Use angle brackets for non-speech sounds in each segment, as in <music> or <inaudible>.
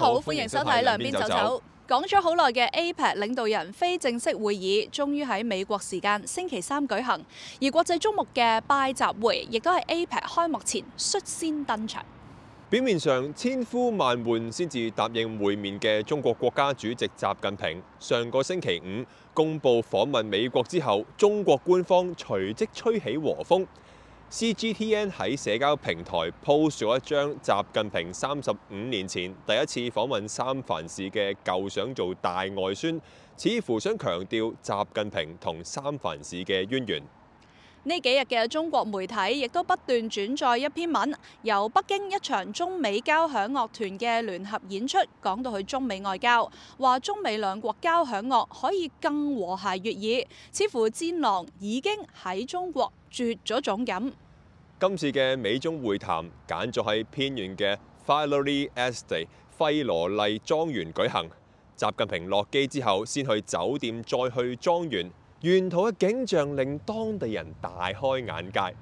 好，歡迎收睇兩邊走走。講咗好耐嘅 APEC 領導人非正式會議，終於喺美國時間星期三舉行。而國際矚目嘅拜習會，亦都係 APEC 開幕前率先登場。表面上千呼萬喚先至答應會面嘅中國國家主席習近平，上個星期五公布訪問美國之後，中國官方隨即吹起和風。C G T N 喺社交平台 post 咗一張習近平三十五年前第一次訪問三藩市嘅舊相做大外宣，似乎想強調習近平同三藩市嘅淵源。呢幾日嘅中國媒體亦都不斷轉載一篇文，由北京一場中美交響樂團嘅聯合演出講到去中美外交，話中美兩國交響樂可以更和諧悦耳，似乎戰狼已經喺中國。絕咗種飲。今次嘅美中會談，揀咗喺偏遠嘅 Filoli Estate（ 費羅麗莊園）舉行。習近平落機之後，先去酒店，再去莊園。沿途嘅景象令當地人大開眼界。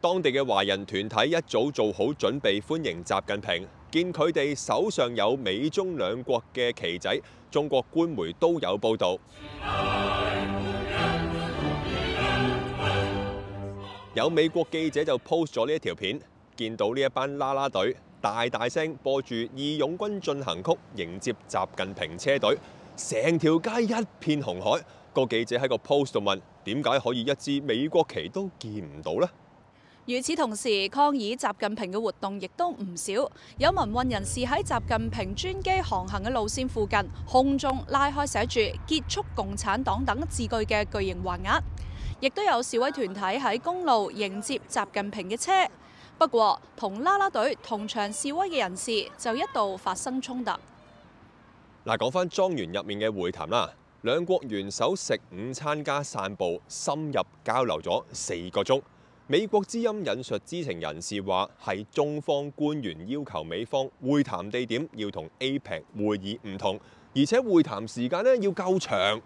當地嘅華人團體一早做好準備歡迎習近平，見佢哋手上有美中兩國嘅旗仔。中國官媒都有報道。有美國記者就 post 咗呢一條片，見到呢一班啦啦隊大大聲播住《義勇軍進行曲》迎接習近平車隊，成條街一片紅海。個記者喺個 post 度問：「點解可以一支美國旗都見唔到呢？」與此同時，抗議習近平嘅活動亦都唔少，有民運人士喺習近平專機航行嘅路線附近空中拉開寫住「結束共產黨」等字句嘅巨型橫額。亦都有示威團體喺公路迎接習近平嘅車，不過同啦啦隊同場示威嘅人士就一度發生衝突。嗱，講翻莊園入面嘅會談啦，兩國元首食午餐加散步，深入交流咗四個鐘。美國之音引述知情人士話，係中方官員要求美方會談地點要同 APEC 會議唔同，而且會談時間咧要夠長。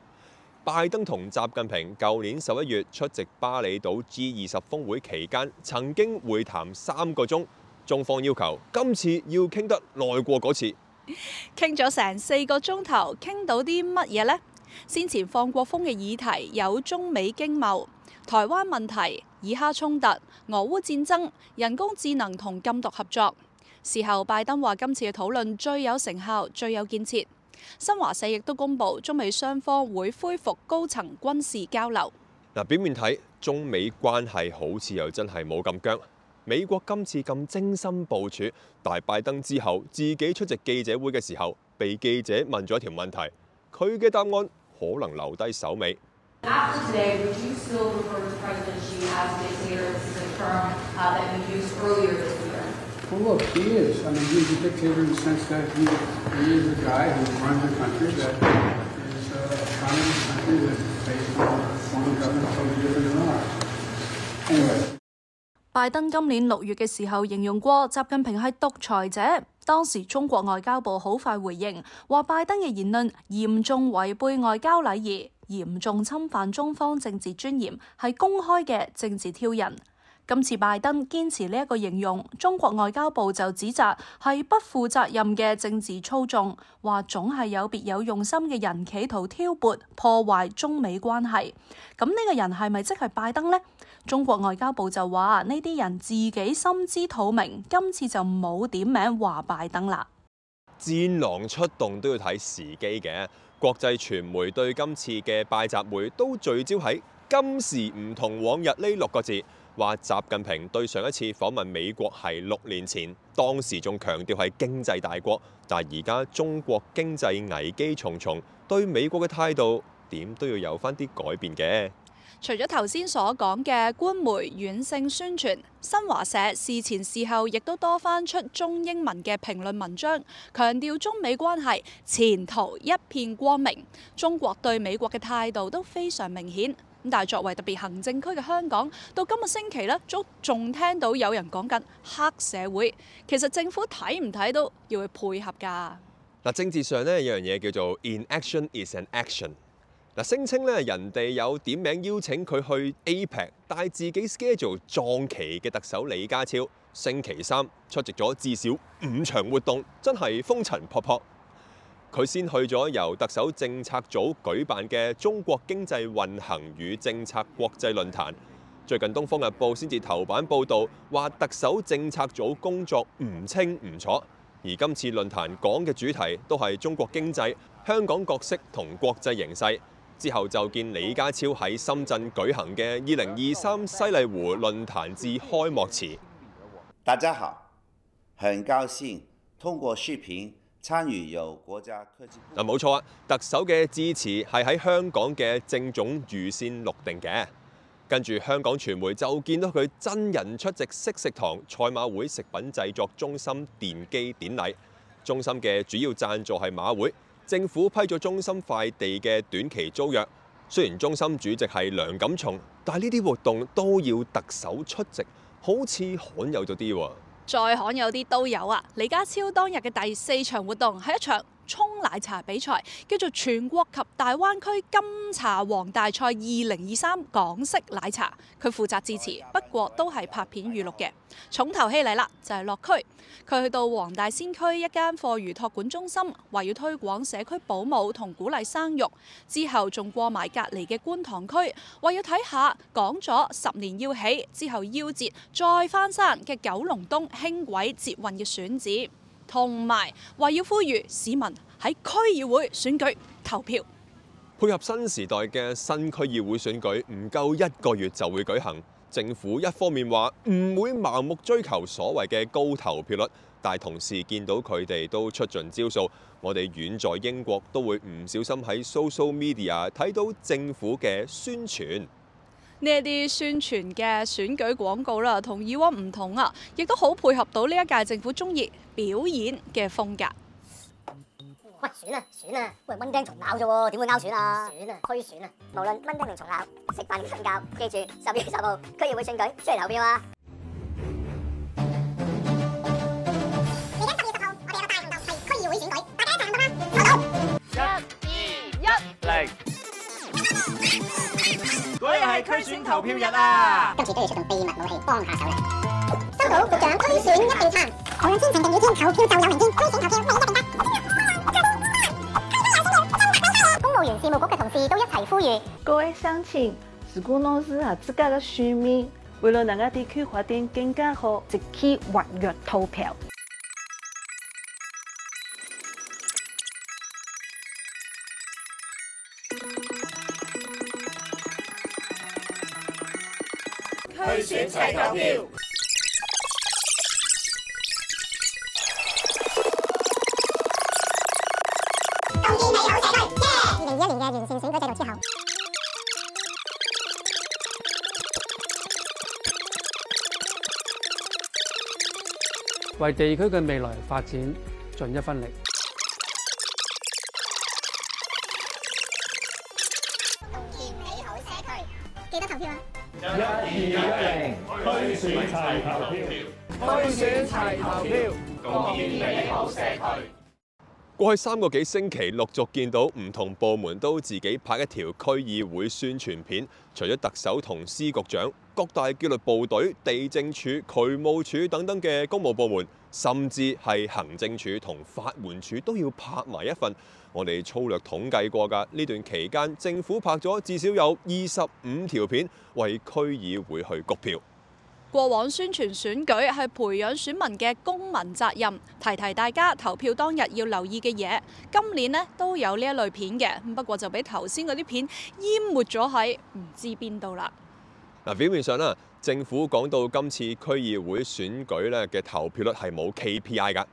拜登同習近平舊年十一月出席巴厘島 G 二十峰會期間，曾經會談三個鐘，中方要求今次要傾得耐過嗰次，傾咗成四個鐘頭，傾到啲乜嘢呢？先前放過風嘅議題有中美經貿、台灣問題、以哈衝突、俄烏戰爭、人工智能同禁毒合作。事後拜登話今次嘅討論最有成效、最有建設。新華社亦都公布，中美雙方會恢復高層軍事交流。嗱，表面睇中美關係好似又真係冇咁僵。美國今次咁精心部署，大拜登之後自己出席記者會嘅時候，被記者問咗一條問題，佢嘅答案可能留低手尾。 <music> <music> 拜登今年六月嘅時候形容過習近平係獨裁者，當時中國外交部好快回應，話拜登嘅言論嚴重違背外交禮儀，嚴重侵犯中方政治尊嚴，係公開嘅政治挑人挑釁。今次拜登堅持呢一個形容，中國外交部就指責係不負責任嘅政治操縱，話總係有別有用心嘅人企圖挑撥破壞中美關係。咁呢個人係咪即係拜登呢？中國外交部就話呢啲人自己心知肚明，今次就冇點名話拜登啦。戰狼出動都要睇時機嘅，國際傳媒對今次嘅拜習會都聚焦喺今時唔同往日呢六個字。話習近平對上一次訪問美國係六年前，當時仲強調係經濟大國，但而家中國經濟危機重重，對美國嘅態度點都要有翻啲改變嘅。除咗頭先所講嘅官媒軟性宣傳，新華社事前事後亦都多翻出中英文嘅評論文章，強調中美關係前途一片光明，中國對美國嘅態度都非常明顯。咁但係作為特別行政區嘅香港，到今日星期咧，都仲聽到有人講緊黑社會。其實政府睇唔睇都要去配合㗎。嗱，政治上呢，有樣嘢叫做 inaction is an action。嗱，聲稱咧人哋有點名邀請佢去 APEC，但係自己 schedule 撞期嘅特首李家超，星期三出席咗至少五場活動，真係風塵仆僕。佢先去咗由特首政策組舉辦嘅中國經濟運行與政策國際論壇，最近《東方日報》先至頭版報導，話特首政策組工作唔清唔楚。而今次論壇講嘅主題都係中國經濟、香港角色同國際形勢。之後就見李家超喺深圳舉行嘅二零二三西麗湖論壇至開幕詞。大家好，很高興通過視頻。參與由國家特首嗱，冇錯啊！特首嘅支持係喺香港嘅政總預先錄定嘅。跟住香港傳媒就見到佢真人出席惜食堂賽馬會食品製作中心奠基典禮。中心嘅主要贊助係馬會，政府批咗中心塊地嘅短期租約。雖然中心主席係梁錦松，但係呢啲活動都要特首出席，好似罕有咗啲喎。再罕有啲都有啊！李家超當日嘅第四場活動係一場沖奶茶比賽叫做全國及大灣區金茶王大賽二零二三港式奶茶，佢負責致辭，不過都係拍片預錄嘅。重頭戲嚟啦，就係落區，佢去到黃大仙區一間課餘託管中心，話要推廣社區保姆同鼓勵生育。之後仲過埋隔籬嘅觀塘區，話要睇下講咗十年要起之後要摺再翻山嘅九龍東輕軌捷運嘅選址。同埋話要呼籲市民喺區議會選舉投票，配合新時代嘅新區議會選舉，唔夠一個月就會舉行。政府一方面話唔會盲目追求所謂嘅高投票率，但同時見到佢哋都出盡招數。我哋遠在英國都會唔小心喺 social media 睇到政府嘅宣傳。呢一啲宣傳嘅選舉廣告啦，同以往唔同啊，亦都好配合到呢一屆政府中意表演嘅風格。選啊選啊，喂，蚊叮蟲咬啫喎，點會勾選啊？選啊推選啊，無論蚊叮定蟲咬，食飯定瞓覺，記住十月十號區議會選舉，出嚟投票啊。嚟緊十月十號，我哋有個大行動係區議會選舉，大家一齊行動啦！一、二、一、零。嗰日係區選投票日啊！今次都要出動秘密武器幫下手啦！收到，局長區選一無，定參，紅天紅雨天投票就有人天，區選投票每一個認真。公務員事務局嘅同事都一齊呼籲：各位鄉親，如果儂是合資格嘅選民，為了能夠地區發定更加好，即刻活躍投票。選齊投票。共議美好社區。二零二一年嘅完善選舉制度之後，為地區嘅未來發展盡一分力。選齊投票，推選齊投票，共建美好社區。過去三個幾星期，陸續見到唔同部門都自己拍一條區議會宣傳片。除咗特首同司局長，各大紀律部隊、地政署、渠務署等等嘅公務部門，甚至係行政署同法援署都要拍埋一份。我哋粗略統計過，噶呢段期間政府拍咗至少有二十五條片為區議會去谷票。過往宣傳選舉係培養選民嘅公民責任，提提大家投票當日要留意嘅嘢。今年咧都有呢一類片嘅，不過就俾頭先嗰啲片淹沒咗喺唔知邊度啦。嗱，表面上啦，政府講到今次區議會選舉咧嘅投票率係冇 KPI 㗎。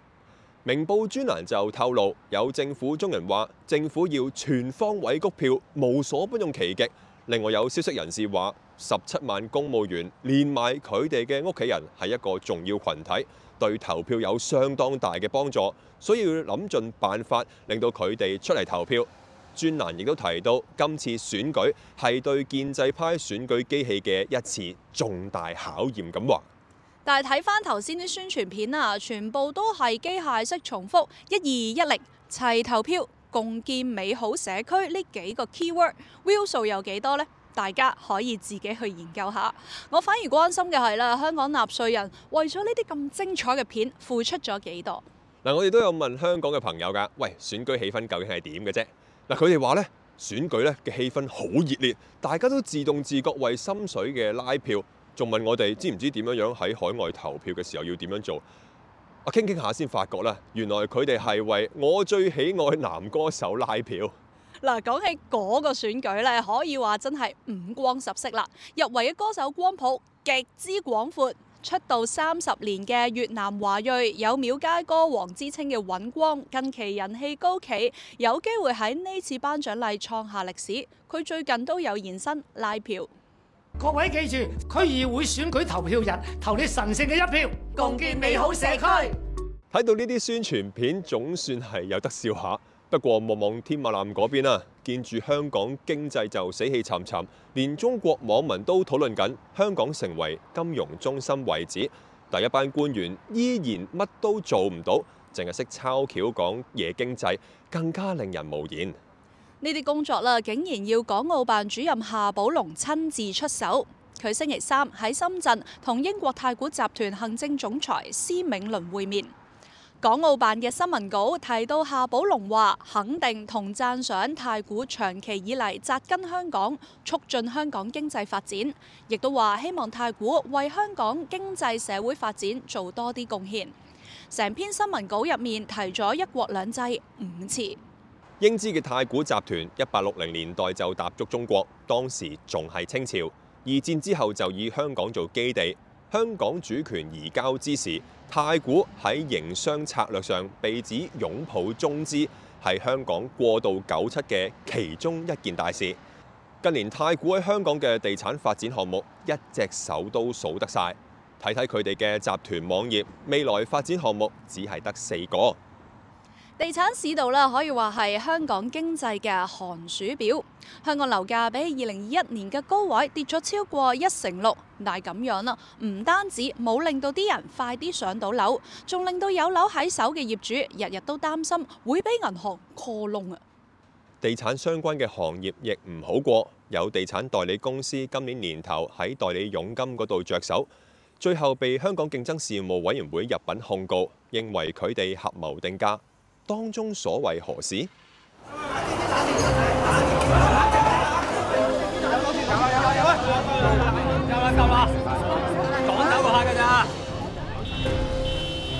明報專欄就透露，有政府中人話政府要全方位谷票，無所不用其極。另外有消息人士話。十七萬公務員連埋佢哋嘅屋企人係一個重要群體，對投票有相當大嘅幫助，所以要諗盡辦法令到佢哋出嚟投票。專欄亦都提到，今次選舉係對建制派選舉機器嘅一次重大考驗。咁話，但係睇返頭先啲宣傳片啊，全部都係機械式重複一二一零齊投票共建美好社區呢幾個 keyword，view 數有幾多呢？大家可以自己去研究下，我反而關心嘅係啦，香港納稅人為咗呢啲咁精彩嘅片付出咗幾多？嗱、呃，我哋都有問香港嘅朋友噶，喂，選舉氣氛究竟係點嘅啫？嗱、呃，佢哋話咧，選舉咧嘅氣氛好熱烈，大家都自動自覺為心水嘅拉票，仲問我哋知唔知點樣樣喺海外投票嘅時候要點樣做？我傾傾下先，發覺咧，原來佢哋係為我最喜愛男歌手拉票。嗱，講起嗰個選舉咧，可以話真係五光十色啦！入圍嘅歌手光譜極之廣闊，出道三十年嘅越南華裔有廟街歌王之稱嘅尹光，近期人氣高企，有機會喺呢次頒獎禮創下歷史。佢最近都有現身拉票。各位記住，區議會選舉投票日，投你神聖嘅一票，共建美好社區。睇到呢啲宣傳片，總算係有得笑下。不過望望添馬艦嗰邊啊，見住香港經濟就死氣沉沉，連中國網民都討論緊香港成為金融中心位置。但一班官員依然乜都做唔到，淨係識抄橋講嘢經濟，更加令人無言。呢啲工作啦，竟然要港澳辦主任夏寶龍親自出手。佢星期三喺深圳同英國太古集團行政總裁施銘倫會面。港澳辦嘅新聞稿提到夏寶龍話肯定同讚賞太古長期以嚟紮根香港，促進香港經濟發展，亦都話希望太古為香港經濟社會發展做多啲貢獻。成篇新聞稿入面提咗一國兩制五次。英資嘅太古集團一八六零年代就踏足中國，當時仲係清朝。二戰之後就以香港做基地。香港主權移交之時，太古喺營商策略上被指擁抱中資，係香港過渡九七嘅其中一件大事。近年，太古喺香港嘅地產發展項目，一隻手都數得晒。睇睇佢哋嘅集團網頁，未來發展項目只係得四個。地產市道啦，可以話係香港經濟嘅寒暑表。香港樓價比二零二一年嘅高位跌咗超過一成六，但係咁樣啦。唔單止冇令到啲人快啲上到樓，仲令到有樓喺手嘅業主日日都擔心會俾銀行窩窿啊！地產相關嘅行業亦唔好過，有地產代理公司今年年頭喺代理佣金嗰度着手，最後被香港競爭事務委員會入稟控告，認為佢哋合謀定價。當中所為何事？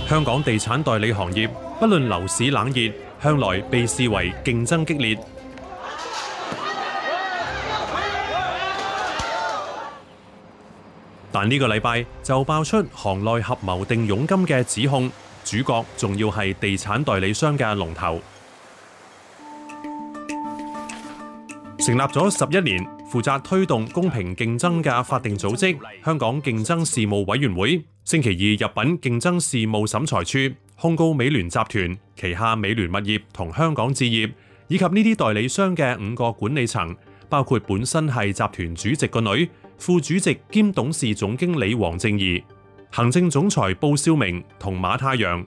香港地產代理行業，不論樓市冷熱，向來被視為競爭激烈。但呢個禮拜就爆出行內合謀定佣金嘅指控。主角仲要係地產代理商嘅龍頭，成立咗十一年，負責推動公平競爭嘅法定組織——香港競爭事務委員會。星期二入禀競爭事務審裁處，控告美聯集團旗下美聯物業同香港置業以及呢啲代理商嘅五個管理層，包括本身係集團主席個女、副主席兼董事總經理黃靜怡。行政總裁布少明同馬太陽，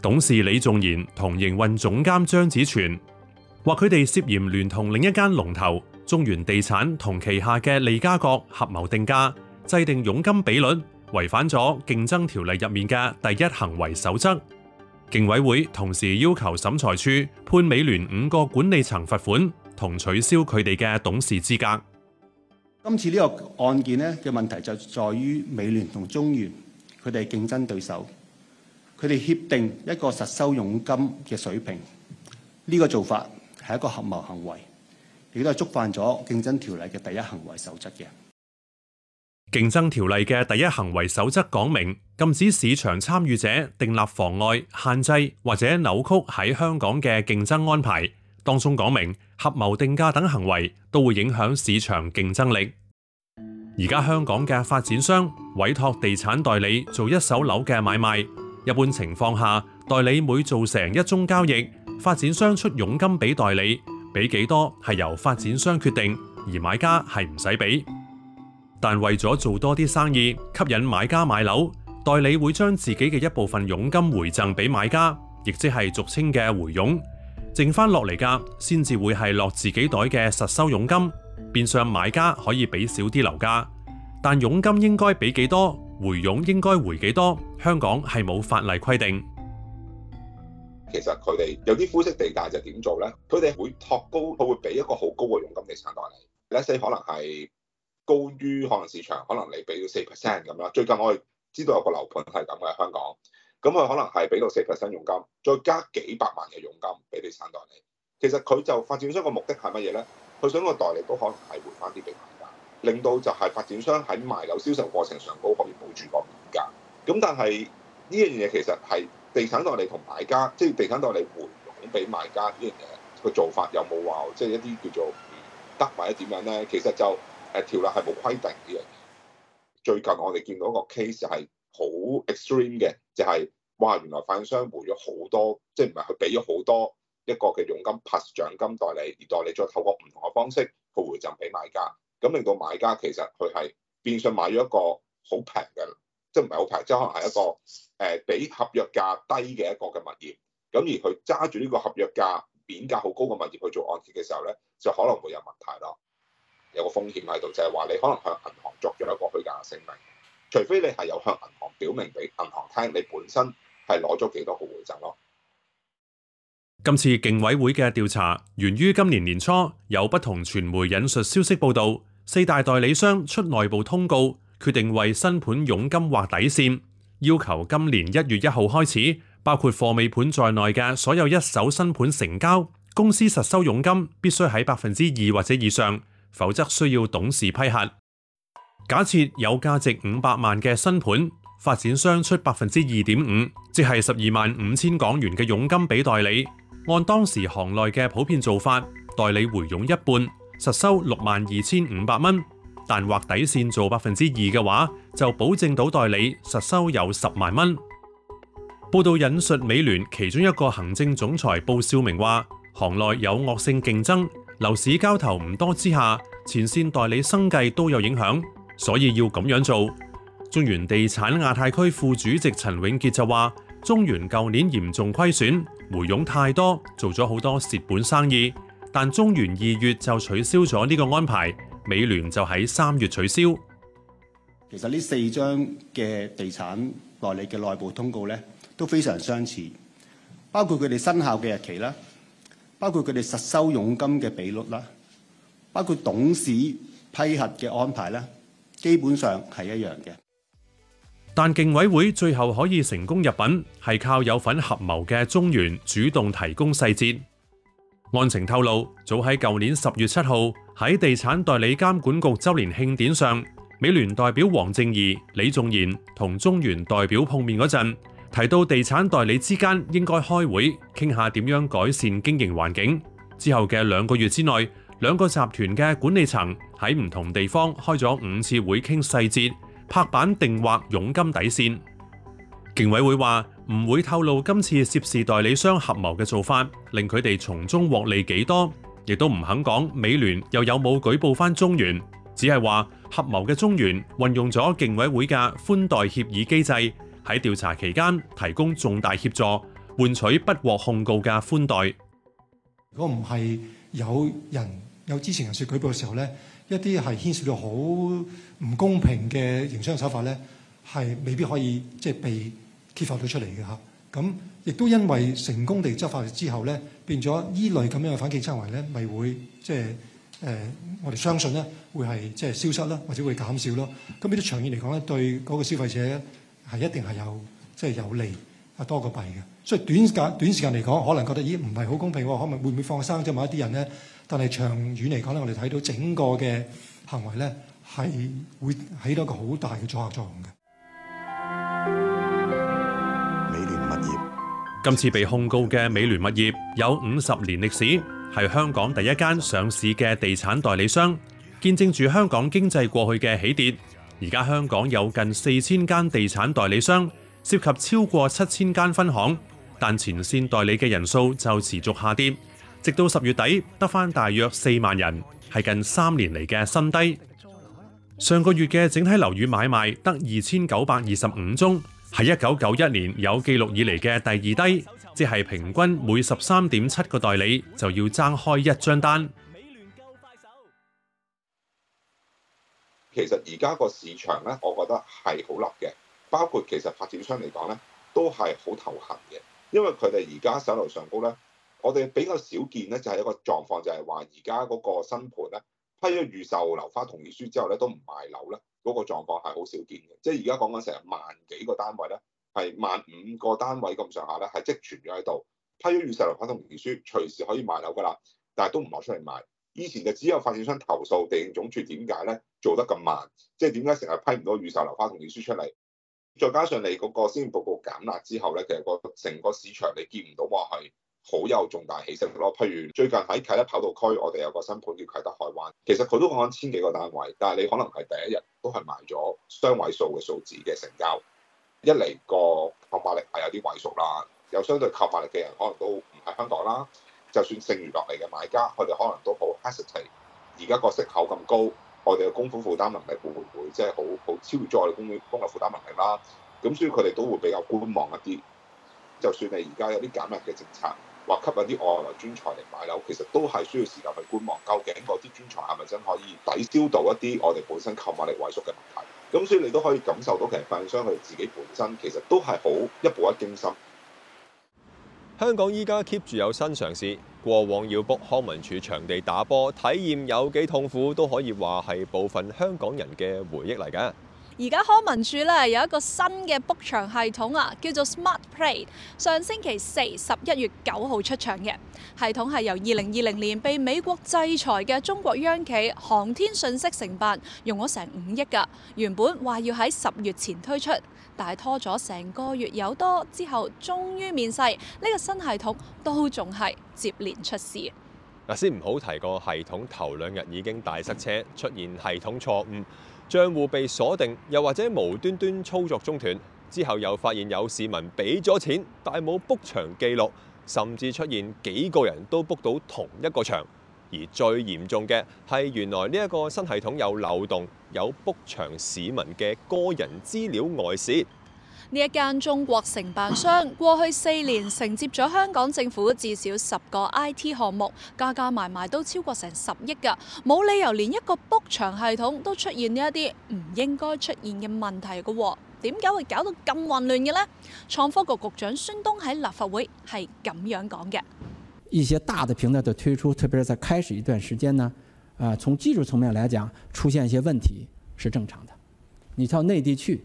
董事李仲賢同營運總監張子全，話佢哋涉嫌聯同另一間龍頭中原地產同旗下嘅利嘉閣合謀定價，制定佣金比率，違反咗競爭條例入面嘅第一行為守則。競委會同時要求審裁處判美聯五個管理層罰款，同取消佢哋嘅董事資格。今次呢個案件咧嘅問題就在於美聯同中原。佢哋競爭對手，佢哋協定一個實收佣金嘅水平，呢個做法係一個合謀行為，亦都係觸犯咗競爭條例嘅第一行為守則嘅。競爭條例嘅第一行為守則講明禁止市場參與者訂立妨礙、限制或者扭曲喺香港嘅競爭安排。當中講明合謀定價等行為都會影響市場競爭力。而家香港嘅發展商，委託地產代理做一手樓嘅買賣，一般情況下，代理每做成一宗交易，發展商出佣金俾代理，俾幾多係由發展商決定，而買家係唔使俾。但為咗做多啲生意，吸引買家買樓，代理會將自己嘅一部分佣金回贈俾買家，亦即係俗稱嘅回佣，剩返落嚟㗎先至會係落自己袋嘅實收佣金，變相買家可以俾少啲樓價。但佣金應該俾幾多？回傭應該回幾多？香港係冇法例規定。其實佢哋有啲灰色地帶就點做咧？佢哋會托高，佢會俾一個好高嘅佣金俾地產代理。咧可能係高於可能市場，可能你俾到四 percent 咁啦。最近我哋知道有個樓盤係咁嘅香港，咁佢可能係俾到四 percent 佣金，再加幾百萬嘅佣金俾地產代理。其實佢就發展商個目的係乜嘢咧？佢想個代理都可能係回翻啲俾。令到就係發展商喺賣樓銷售過程上，都可以保住個面價。咁但係呢一樣嘢其實係地產代理同買家，即、就、係、是、地產代理回傭俾買家呢樣嘢，個做法有冇話即係一啲叫做得或者點樣咧？其實就誒、啊、條例係冇規定嘅。最近我哋見到一個 case 係好 extreme 嘅，就係、是、哇原來發展商回咗好多，即係唔係佢俾咗好多一個嘅佣金 plus 獎金代理，而代理再透過唔同嘅方式去回贈俾買家。咁令到買家其實佢係變相買咗一個好平嘅，即係唔係好平，即係可能係一個誒比合約價低嘅一個嘅物業。咁而佢揸住呢個合約價貶價好高嘅物業去做按揭嘅時候咧，就可能會有問題咯。有個風險喺度，就係話你可能向銀行作咗一個虛假嘅聲明，除非你係有向銀行表明俾銀行聽你本身係攞咗幾多個回贈咯。今次競委會嘅調查源於今年年初有不同傳媒引述消息報道，四大代理商出內部通告，決定為新盤佣金劃底線，要求今年一月一號開始，包括貨尾盤在內嘅所有一手新盤成交，公司實收佣金必須喺百分之二或者以上，否則需要董事批核。假設有價值五百萬嘅新盤，發展商出百分之二點五，即係十二萬五千港元嘅佣金俾代理。按當時行內嘅普遍做法，代理回佣一半，實收六萬二千五百蚊。但劃底線做百分之二嘅話，就保證到代理實收有十萬蚊。報道引述美聯其中一個行政總裁布少明話：行內有惡性競爭，樓市交投唔多之下，前線代理生計都有影響，所以要咁樣做。中原地產亞太區副主席陳永傑就話：中原舊年嚴重虧損。回傭太多，做咗好多蝕本生意，但中原二月就取消咗呢個安排，美聯就喺三月取消。其實呢四張嘅地產代理嘅內部通告咧，都非常相似，包括佢哋生效嘅日期啦，包括佢哋實收佣金嘅比率啦，包括董事批核嘅安排啦，基本上係一樣嘅。，但競委會最後可以成功入禀，係靠有份合謀嘅中原主動提供細節。案情透露，早喺舊年十月七號喺地產代理監管局周年慶典上，美聯代表黃正儀、李仲賢同中原代表碰面嗰陣，提到地產代理之間應該開會，傾下點樣改善經營環境。之後嘅兩個月之內，兩個集團嘅管理層喺唔同地方開咗五次會傾細節拍板定劃佣金底線。競委會話唔會透露今次涉事代理商合謀嘅做法，令佢哋從中獲利幾多，亦都唔肯講。美聯又有冇舉報返中原，只係話合謀嘅中原運用咗競委會嘅寬待協議機制，喺調查期間提供重大協助，換取不獲控告嘅寬待。如果唔係有人有知情人士舉報嘅時候呢。一啲係牽涉到好唔公平嘅營商手法咧，係未必可以即係、就是、被揭發到出嚟嘅嚇。咁亦都因為成功地執法之後咧，變咗依類咁樣嘅反競爭行為咧，咪會即係誒，我哋相信咧，會係即係消失啦，或者會減少咯。咁呢啲長遠嚟講咧，對嗰個消費者係一定係有即係、就是、有利啊多過弊嘅。所以短時間，短時間嚟講，可能覺得咦，唔係好公平喎，可唔係會唔會放生即係某一啲人咧？但係長遠嚟講咧，我哋睇到整個嘅行為咧，係會起到一個好大嘅阻嚇作用嘅。美聯物業今次被控告嘅美聯物業有五十年歷史，係香港第一間上市嘅地產代理商，見證住香港經濟過去嘅起跌。而家香港有近四千間地產代理商，涉及超過七千間分行，但前線代理嘅人數就持續下跌。直到十月底，得返大約四萬人，係近三年嚟嘅新低。上個月嘅整體樓宇買賣得二千九百二十五宗，係一九九一年有記錄以嚟嘅第二低，即係平均每十三點七個代理就要爭開一張單。美聯快手，其實而家個市場咧，我覺得係好立嘅，包括其實發展商嚟講咧，都係好頭痕嘅，因為佢哋而家手樓上高咧。我哋比較少見咧，就係一個狀況，就係話而家嗰個新盤咧批咗預售樓花同意書之後咧，都唔賣樓咧，嗰個狀況係好少見嘅。即係而家講緊成萬幾個單位咧，係萬五個單位咁上下咧，係積存咗喺度，批咗預售樓花同意書，隨時可以賣樓㗎啦，但係都唔攞出嚟賣。以前就只有發展商投訴地政總署點解咧做得咁慢，即係點解成日批唔到預售樓花同意書出嚟？再加上你嗰個先報告減壓之後咧，其實個成個市場你見唔到話係好有重大起色咯！譬如最近喺啟德跑道區，我哋有個新盤叫啟德海灣，其實佢都按千幾個單位，但係你可能係第一日都係賣咗雙位數嘅數字嘅成交。一嚟個購買力係有啲萎縮啦，有相對購買力嘅人可能都唔喺香港啦。就算剩餘落嚟嘅買家，佢哋可能都好 hesitate。而家個息口咁高，我哋嘅供款負擔能力會唔會即係好好超越咗我哋工款供嘅負擔能力啦？咁所以佢哋都會比較觀望一啲。就算你而家有啲減息嘅政策。或吸引啲外來專才嚟買樓，其實都係需要時間去觀望，究竟嗰啲專才係咪真可以抵消到一啲我哋本身購買力萎縮嘅問題？咁所以你都可以感受到，其實賣商佢自己本身其實都係好一步一驚心。香港依家 keep 住有新嘗試，過往要 book 康文署場地打波，體驗有幾痛苦，都可以話係部分香港人嘅回憶嚟嘅。而家康文署咧有一個新嘅 book 場系統啊，叫做 Smart Play。上星期四，十一月九號出場嘅系統係由二零二零年被美國制裁嘅中國央企航天信息承辦，用咗成五億㗎。原本話要喺十月前推出，但係拖咗成個月有多，之後終於面世。呢個新系統都仲係接連出事。嗱，先唔好提個系統，頭兩日已經大塞車，出現系統錯誤。賬戶被鎖定，又或者無端端操作中斷，之後又發現有市民俾咗錢，但冇 book 場記錄，甚至出現幾個人都 book 到同一個場，而最嚴重嘅係原來呢一個新系統有漏洞，有 book 場市民嘅個人資料外泄。呢一間中國承辦商過去四年承接咗香港政府至少十個 IT 項目，加加埋埋都超過成十億㗎，冇理由連一個 book 場系統都出現呢一啲唔應該出現嘅問題㗎喎，哦，點解會搞到咁混亂嘅呢？創科局局長孫東喺立法會係咁樣講嘅。一些大的平台的推出，特別是在開始一段時間呢，啊、呃，從技術層面來講，出現一些問題是正常的。你到內地去。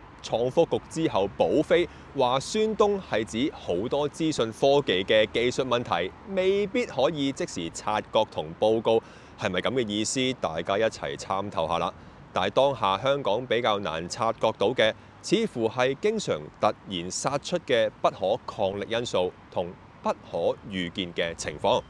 創科局之後補飛，話孫東係指好多資訊科技嘅技術問題未必可以即時察覺同報告，係咪咁嘅意思？大家一齊參透下啦。但係當下香港比較難察覺到嘅，似乎係經常突然殺出嘅不可抗力因素同不可預見嘅情況。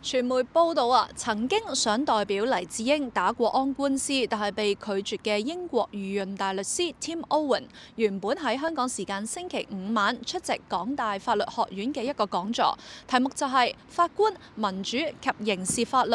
傳媒報道啊，曾經想代表黎智英打國安官司，但係被拒絕嘅英國御用大律師 Tim Owen，原本喺香港時間星期五晚出席港大法律學院嘅一個講座，題目就係法官、民主及刑事法律。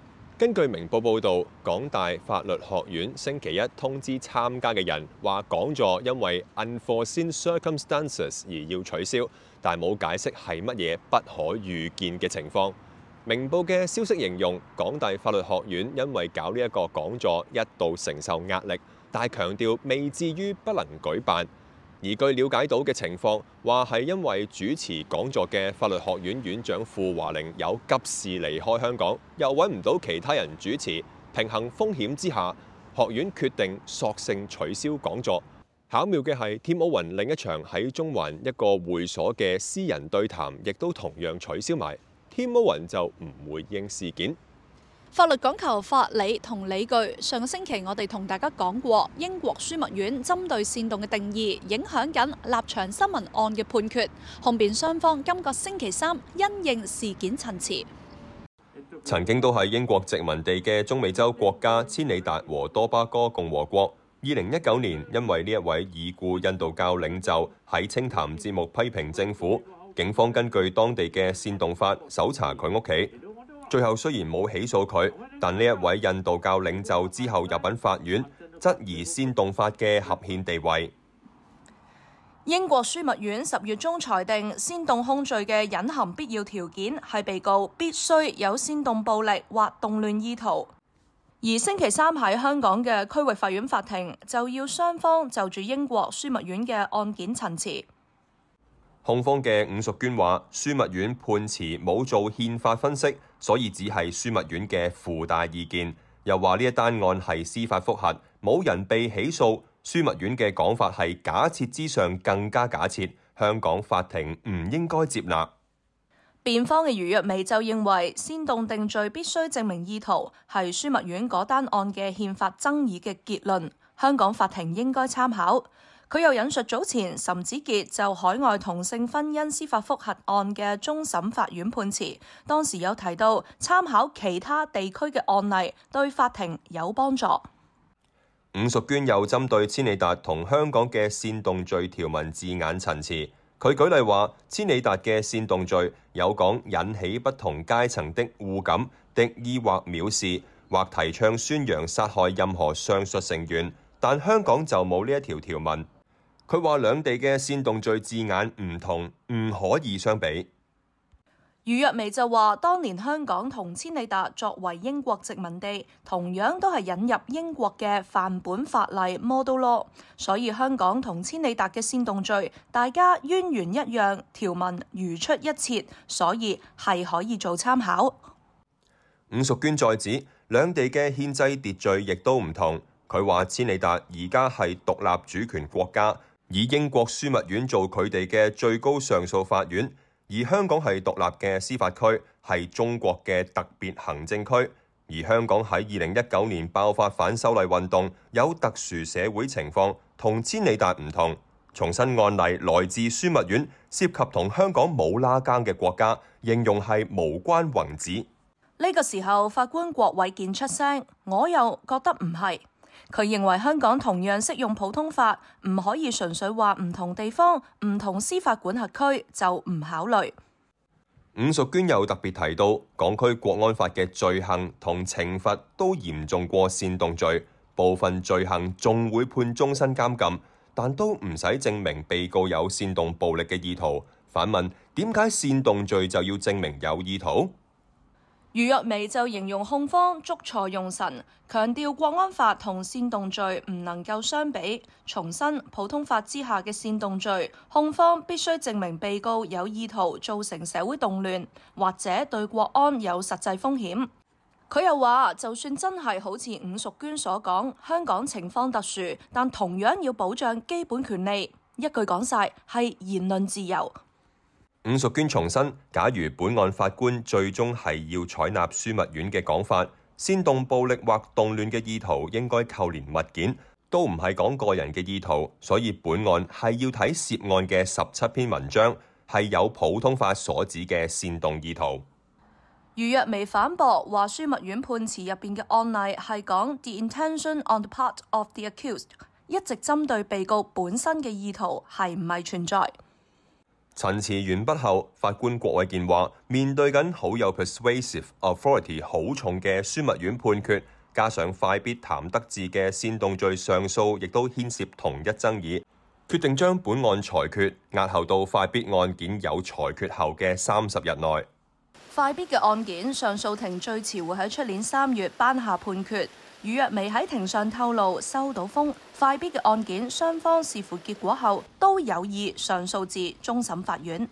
根據明報報導，港大法律學院星期一通知參加嘅人，話講座因為 unforeseen circumstances 而要取消，但冇解釋係乜嘢不可預見嘅情況。明報嘅消息形容港大法律學院因為搞呢一個講座一度承受壓力，但係強調未至於不能舉辦。而據了解到嘅情況，話係因為主持講座嘅法律學院院長傅華玲有急事離開香港，又揾唔到其他人主持，平衡風險之下，學院決定索性取消講座。巧妙嘅係，Tim Owen 另一場喺中環一個會所嘅私人對談，亦都同樣取消埋。Tim Owen 就唔回應事件。法律講求法理同理據。上個星期我哋同大家講過，英國樞密院針對煽動嘅定義影響緊立場新聞案嘅判決，控辯雙方今個星期三因應事件陳詞。曾經都係英國殖民地嘅中美洲國家千里達和多巴哥共和國，二零一九年因為呢一位已故印度教領袖喺清談節目批評政府，警方根據當地嘅煽動法搜查佢屋企。最後雖然冇起訴佢，但呢一位印度教領袖之後入禀法院，質疑煽動法嘅合憲地位。英國樞密院十月中裁定，煽動控罪嘅隱含必要條件係被告必須有煽動暴力或動亂意圖。而星期三喺香港嘅區域法院法庭，就要雙方就住英國樞密院嘅案件陳詞。控方嘅伍淑娟話樞密院判詞冇做憲法分析，所以只係樞密院嘅附帶意見。又話呢一單案係司法覆核，冇人被起訴。樞密院嘅講法係假設之上更加假設，香港法庭唔應該接納。辯方嘅余若薇就認為，先動定罪必須證明意圖，係樞密院嗰單案嘅憲法爭議嘅結論，香港法庭應該參考。佢又引述早前岑子傑就海外同性婚姻司法復核案嘅終審法院判詞，當時有提到參考其他地區嘅案例對法庭有幫助。伍淑娟又針對千里達同香港嘅煽動罪條文字眼陳詞，佢舉例話，千里達嘅煽動罪有講引起不同階層的互感、敵意或藐視，或提倡宣揚殺害任何上述成員，但香港就冇呢一條條文。佢話兩地嘅煽動罪字眼唔同，唔可以相比。余若薇就話，當年香港同千里達作為英國殖民地，同樣都係引入英國嘅範本法例 model law，所以香港同千里達嘅煽動罪，大家淵源一樣，條文如出一轍，所以係可以做參考。伍淑娟再指，兩地嘅憲制秩序亦都唔同。佢話千里達而家係獨立主權國家。以英國樞密院做佢哋嘅最高上訴法院，而香港係獨立嘅司法區，係中國嘅特別行政區。而香港喺二零一九年爆發反修例運動，有特殊社會情況，同千里達唔同。重新案例來自樞密院，涉及同香港冇拉更嘅國家，應用係無關宏旨。呢個時候，法官郭偉健出聲，我又覺得唔係。佢認為香港同樣適用普通法，唔可以純粹話唔同地方、唔同司法管轄區就唔考慮。伍淑娟又特別提到，港區國安法嘅罪行同懲罰都嚴重過煽動罪，部分罪行仲會判終身監禁，但都唔使證明被告有煽動暴力嘅意圖。反問點解煽動罪就要證明有意圖？余若薇就形容控方捉錯用神，強調國安法同煽動罪唔能夠相比。重申普通法之下嘅煽動罪，控方必須證明被告有意圖造成社會動亂或者對國安有實際風險。佢又話，就算真係好似伍淑娟所講，香港情況特殊，但同樣要保障基本權利。一句講晒，係言論自由。伍淑娟重申：假如本案法官最終係要採納樞密院嘅講法，煽動暴力或動亂嘅意圖應該扣連物件，都唔係講個人嘅意圖，所以本案係要睇涉案嘅十七篇文章，係有普通法所指嘅煽動意圖。余若薇反駁話：樞密院判詞入邊嘅案例係講 the intention on the part of the accused 一直針對被告本身嘅意圖係唔係存在。陳詞完畢後，法官郭偉健話：面對緊好有 persuasive authority 好重嘅樞密院判決，加上快必譚得志嘅煽動罪上訴，亦都牽涉同一爭議，決定將本案裁決押後到快必案件有裁決後嘅三十日內。快必嘅案件上訴庭最遲會喺出年三月頒下判決。余若薇喺庭上透露，收到風快必嘅案件，雙方視乎結果後都有意上訴至終審法院。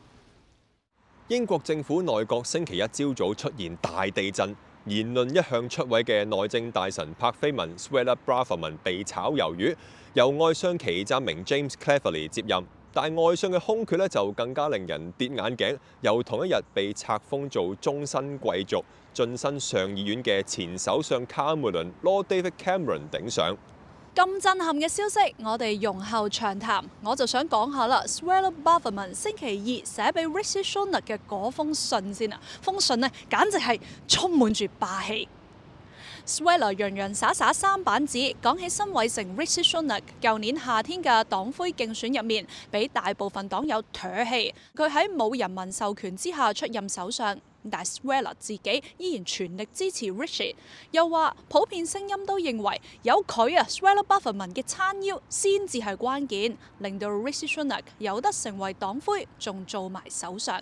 英國政府內閣星期一朝早出現大地震，言論一向出位嘅內政大臣柏菲文 Suella Braverman） 被炒魷魚，由外相祁湛明 James Cleverly 接任。但外相嘅空缺咧，就更加令人跌眼鏡。由同一日被拆封做終身貴族、晉身上議院嘅前首相卡梅倫 （Lord David Cameron） 頂上。咁震撼嘅消息，我哋容後長談。我就想講下啦，Suella Braverman 星期二寫俾 Rishi Sunak 嘅嗰封信先啦。封信呢，簡直係充滿住霸氣。Sweller 洋洋灑灑三板子，講起新委成 Rishi Sunak 舊年夏天嘅黨魁競選入面，俾大部分黨友唾棄。佢喺冇人民授權之下出任首相，但 Sweller 自己依然全力支持 Rishi，又話普遍聲音都認為有佢啊，Sweller Braverman 嘅撐腰先至係關鍵，令到 Rishi Sunak 有得成為黨魁，仲做埋首相。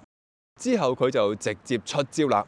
之後佢就直接出招啦。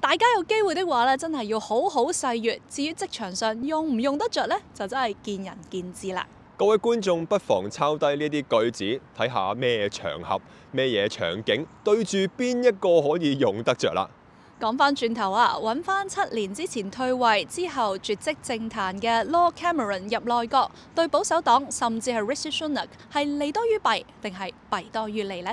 大家有機會的話咧，真係要好好細閱。至於職場上用唔用得着呢，就真係見仁見智啦。各位觀眾不妨抄低呢啲句子，睇下咩場合、咩嘢場景，對住邊一個可以用得着啦。講翻轉頭啊，揾翻七年之前退位之後絕跡政壇嘅 Law Cameron 入內閣，對保守黨甚至係 Richard Sunak 係利多於弊，定係弊多於利呢？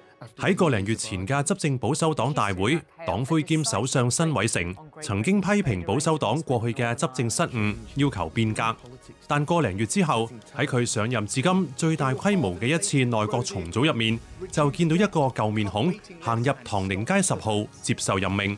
喺個零月前嘅執政保守黨大會，黨魁兼首相辛偉誠曾經批評保守黨過去嘅執政失誤，要求變革。但個零月之後，喺佢上任至今最大規模嘅一次內閣重組入面，就見到一個舊面孔行入唐寧街十號接受任命。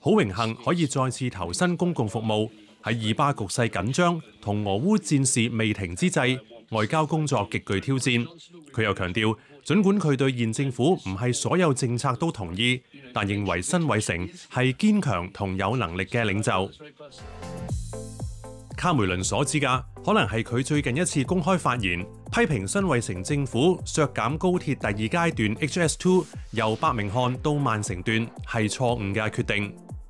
好榮幸可以再次投身公共服務。喺以巴局勢緊張同俄烏戰事未停之際，外交工作極具挑戰。佢又強調，儘管佢對現政府唔係所有政策都同意，但認為新衛城係堅強同有能力嘅領袖。卡梅倫所指嘅，可能係佢最近一次公開發言，批評新衛城政府削減高鐵第二階段 HS2 由伯明翰到曼城段係錯誤嘅決定。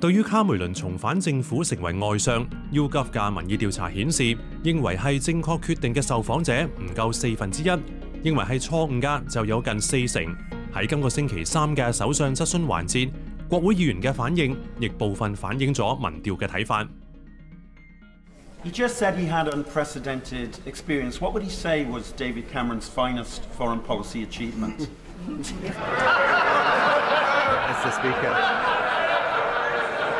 對於卡梅倫重返政府成為外相，YouGov 嘅民意調查顯示，認為係正確決定嘅受訪者唔夠四分之一，認為係錯誤嘅就有近四成。喺今個星期三嘅首相質詢環節，國會議員嘅反應亦部分反映咗民調嘅睇法。He just said he had unprecedented experience. What would he say was David Cameron's finest foreign policy achievement?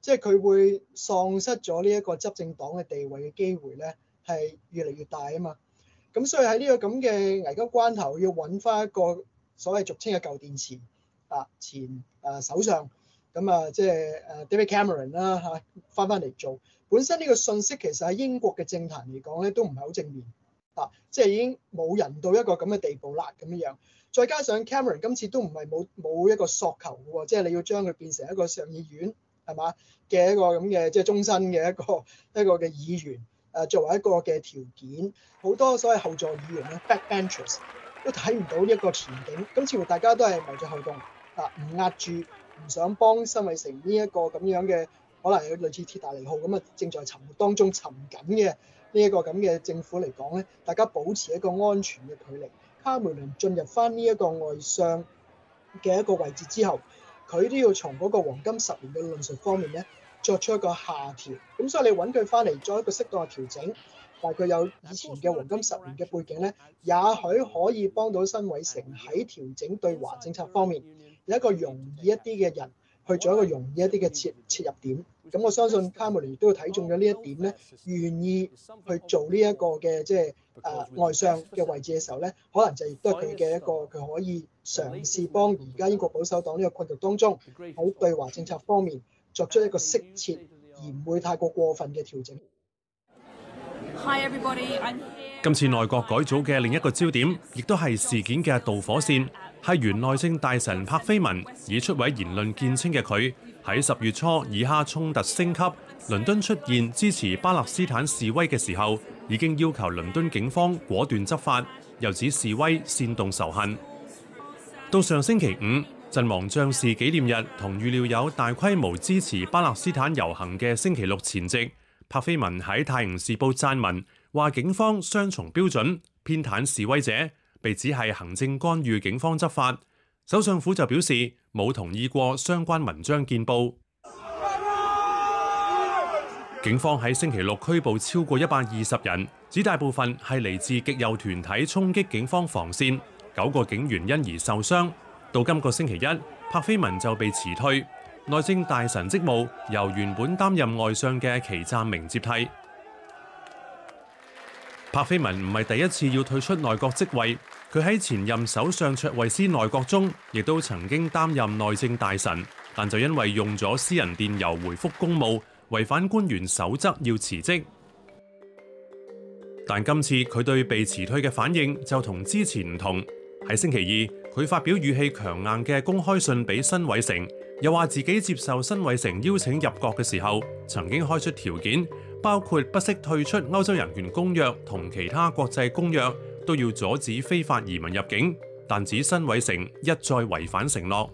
即係佢會喪失咗呢一個執政黨嘅地位嘅機會咧，係越嚟越大啊嘛。咁所以喺呢個咁嘅危急關頭，要揾翻一個所謂俗稱嘅舊電池啊，前啊首相咁啊，即係誒 David Cameron 啦嚇，翻翻嚟做。本身呢個信息其實喺英國嘅政壇嚟講咧，都唔係好正面啊，即係已經冇人到一個咁嘅地步啦咁樣樣。再加上 Cameron 今次都唔係冇冇一個索求嘅喎，即係你要將佢變成一個上議院。係嘛嘅一個咁嘅即係終身嘅一個一個嘅議員誒，作為一個嘅條件，好多所謂後座議員咧，backbenchers 都睇唔到一個前景。咁、嗯、似乎大家都係圍著後洞啊，唔壓住，唔想幫辛偉誠呢一個咁樣嘅可能類似鐵達尼號咁啊，正在沉當中沉緊嘅呢一個咁嘅政府嚟講咧，大家保持一個安全嘅距離。卡梅倫進入翻呢一個外相嘅一個位置之後。佢都要從嗰個黃金十年嘅論述方面咧，作出一個下調，咁所以你揾佢翻嚟做一個適當嘅調整，但係佢有以前嘅黃金十年嘅背景咧，也許可以幫到辛偉誠喺調整對華政策方面有一個容易一啲嘅人去做一個容易一啲嘅切切入點。咁我相信卡梅倫都睇中咗呢一點咧，願意去做呢一個嘅即係誒、呃、外相嘅位置嘅時候咧，可能就亦都係佢嘅一個佢可以嘗試幫而家英國保守黨呢個困局當中，喺對華政策方面作出一個適切而唔會太過過分嘅調整。Hi everybody，今次內閣改組嘅另一個焦點，亦都係事件嘅導火線，係原內政大臣柏菲文以出位言論見稱嘅佢。喺十月初以哈衝突升級，倫敦出現支持巴勒斯坦示威嘅時候，已經要求倫敦警方果斷執法，又指示威煽動仇恨。到上星期五陣亡將士紀念日同預料有大規模支持巴勒斯坦遊行嘅星期六前夕，帕菲文喺《泰晤士報》撰文，話警方雙重標準，偏袒示威者，被指係行政干預警方執法。首相府就表示冇同意過相關文章見報。警方喺星期六拘捕超過一百二十人，指大部分係嚟自極右團體衝擊警方防線，九個警員因而受傷。到今個星期一，柏菲文就被辭退，內政大臣職務由原本擔任外相嘅祁湛明接替。柏菲文唔係第一次要退出內閣職位。佢喺前任首相卓慧思內閣中，亦都曾經擔任內政大臣，但就因為用咗私人電郵回復公務，違反官員守則，要辭職。但今次佢對被辭退嘅反應就同之前唔同。喺星期二，佢發表語氣強硬嘅公開信俾辛偉誠，又話自己接受辛偉誠邀請入閣嘅時候，曾經開出條件，包括不惜退出歐洲人權公約同其他國際公約。都要阻止非法移民入境，但指辛偉誠一再違反承諾。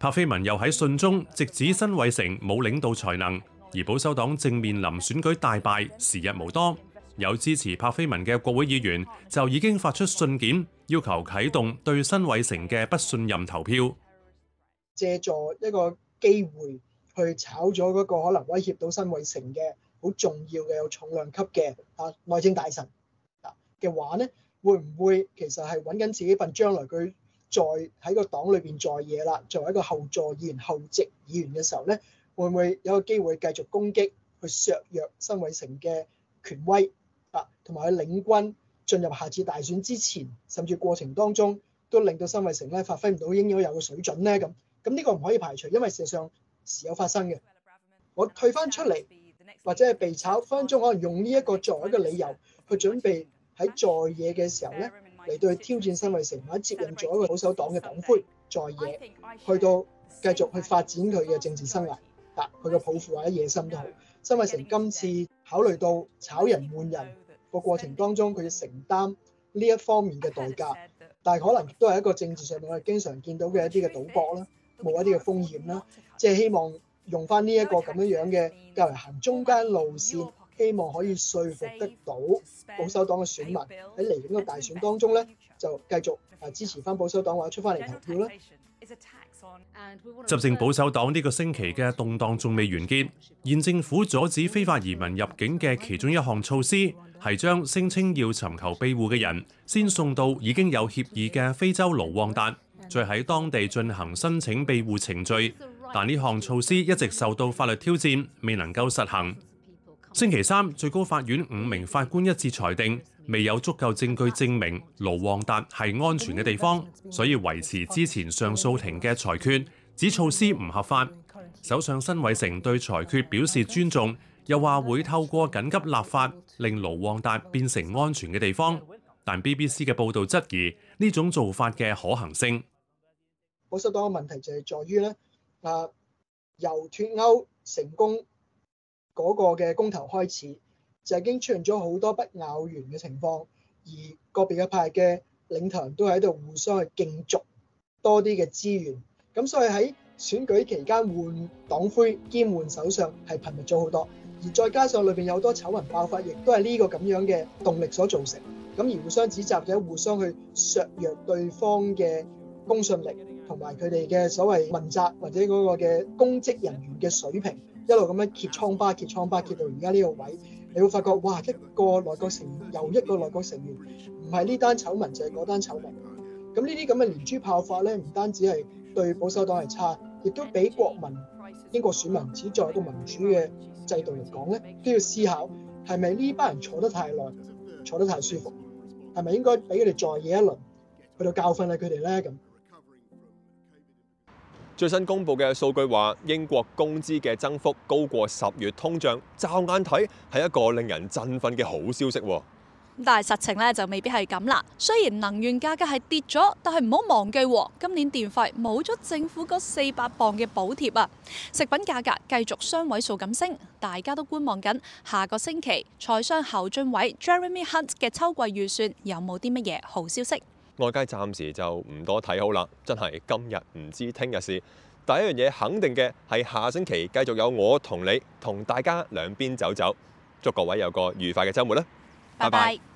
柏菲文又喺信中直指辛偉誠冇領導才能，而保守黨正面臨選舉大敗，時日無多。有支持柏菲文嘅國會議員就已經發出信件，要求啟動對辛偉誠嘅不信任投票。借助一個機會去炒咗嗰個可能威脅到辛偉誠嘅。好重要嘅有重量級嘅啊內政大臣啊嘅話咧，會唔會其實係揾緊自己份將來，佢在喺個黨裏邊做嘢啦，作為一個後座議員、後席議員嘅時候咧，會唔會有個機會繼續攻擊去削弱辛偉誠嘅權威啊？同埋佢領軍進入下次大選之前，甚至過程當中都令到辛偉誠咧發揮唔到應有有嘅水準咧？咁咁呢個唔可以排除，因為事實上時有發生嘅。我退返出嚟。或者係被炒，分分鐘可能用呢一個作為一個理由，去準備喺在，在野嘅時候呢，嚟到去挑戰辛偉誠或者接任作為一個保守黨嘅黨魁，在野，去到繼續去發展佢嘅政治生涯，嗱，佢嘅抱負或者野心都好，辛偉誠今次考慮到炒人換人個過程當中，佢要承擔呢一方面嘅代價，但係可能都係一個政治上面我哋經常見到嘅一啲嘅賭博啦，冒一啲嘅風險啦，即係希望。用翻呢一個咁樣樣嘅，作為行中間路線，希望可以説服得到保守黨嘅選民喺嚟緊個大選當中呢，就繼續啊支持翻保守黨或者出翻嚟投票啦。執政保守黨呢個星期嘅動盪仲未完結，現政府阻止非法移民入境嘅其中一項措施係將聲稱要尋求庇護嘅人先送到已經有協議嘅非洲盧旺達，再喺當地進行申請庇護程序。但呢項措施一直受到法律挑戰，未能夠實行。星期三，最高法院五名法官一致裁定，未有足夠證據證明盧旺達係安全嘅地方，所以維持之前上訴庭嘅裁決，指措施唔合法。首相辛偉成對裁決表示尊重，又話會透過緊急立法令盧旺達變成安全嘅地方。但 BBC 嘅報道質疑呢種做法嘅可行性。我覺嘅問題就係在於咧。啊，由脫歐成功嗰個嘅公投開始，就已經出現咗好多不咬完嘅情況，而個別嘅派嘅領頭都喺度互相去競逐多啲嘅資源，咁所以喺選舉期間換黨魁兼換首相係頻密咗好多，而再加上裏邊有好多醜聞爆發，亦都係呢個咁樣嘅動力所造成，咁而互相指責者互相去削弱對方嘅公信力。同埋佢哋嘅所謂問責或者嗰個嘅公職人員嘅水平，一路咁樣揭瘡疤、揭瘡疤，揭到而家呢個位，你會發覺哇！一個內閣成員又一個內閣成員，唔係呢單醜聞就係嗰單醜聞。咁呢啲咁嘅連珠炮法咧，唔單止係對保守黨係差，亦都俾國民英國選民，只作為一個民主嘅制度嚟講咧，都要思考係咪呢班人坐得太耐，坐得太舒服，係咪應該俾佢哋在野一輪，去到教訓下佢哋咧？咁。最新公布嘅數據話，英國工資嘅增幅高過十月通脹，驟眼睇係一個令人振奮嘅好消息。但係實情咧就未必係咁啦。雖然能源價格係跌咗，但係唔好忘記今年電費冇咗政府嗰四百磅嘅補貼啊。食品價格繼續雙位數咁升，大家都觀望緊下個星期財相侯俊偉 Jeremy Hunt 嘅秋季預算有冇啲乜嘢好消息。外界暫時就唔多睇好啦，真係今日唔知聽日事。第一樣嘢肯定嘅係下星期繼續有我同你同大家兩邊走走，祝各位有個愉快嘅周末啦，拜拜。拜拜。